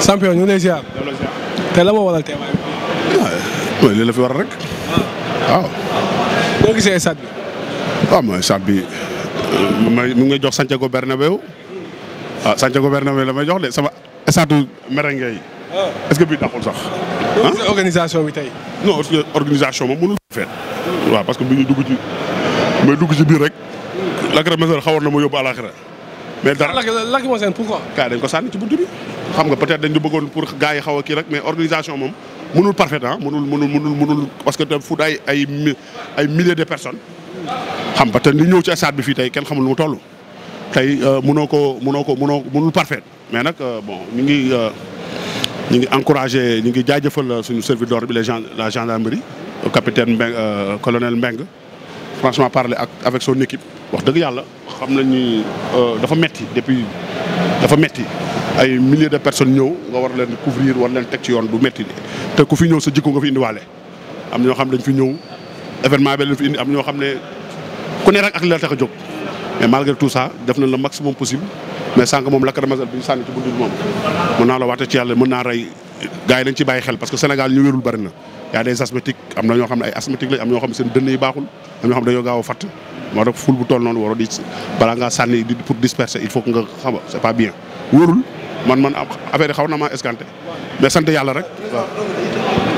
champion ñu ngi lay ziar. te la ma ah, fi war rek. Ah. waaw. boo gisee stade bi. waaw mooy stade bi euh, mu ngi jox Santiago Bernabéu ah Santiago Bernabéu la may jox le sama stade merengue yi. Ah. est-ce que bii dàqul sax. ah organisation bi tey. non organisation moom mënul feet waaw parce que bi ñu dugg ci may dugg ci biir rek. la mesar xawoon na ma yóbbu àlaxira mais dara lacrymogène pourquoi. gars dañ ko sànni ci buntu bi. xam nga peut-être da ñu bëggoon pour gars yi xaw a kii rek mais organisation moom mënul parfait ah mënul mënul mënul mënul parce que te foot ay ay ay milliers de personnes. xam nga te li ñëw ci stade bi fii tey kenn xamul lu tollu tey euh, mënoo ko mënoo ko mënoo mënul parfait mais nag euh, bon ñu ngi euh, ñu ngi encouragé ñu ngi jaajëfal suñu serviteur bi les gens la gendarmerie. capitaine Mbengue colonel Mbengue franchement parler ak avec son wax dëgg yàlla xam nañ ni euh, dafa metti depuis dafa metti ay milliers de personnes ñëw nga war leen couvrir war leen teg ci yoon bu metti te ku fi ñëw sa jikko nga fi indiwaale am ñoo xam dañ fi ñëw événement bi lañ fi indi am ñoo xam ne ku ne rek ak la tax a jóg mais malgré tout ça def nañ le maximum possible mais sànq moom la bi ñu sànni ci buntu moom mën naa la waate ci yàlla mën naa rey gars yi ci bàyyi xel parce que Sénégal ñu wérul bari na y a des asthmatiques am na ñoo xam ne ay asthmatiques lañ am ñoo xam ne seen dënn yi baaxul am ñoo xam ne moo tax ful bu toll noonu waroo di balaa ngaa sànni pour disperser il faut que nga xam c'est pas bien wóorul man man affaire yi xaw na ma escanté mais sant yàlla rek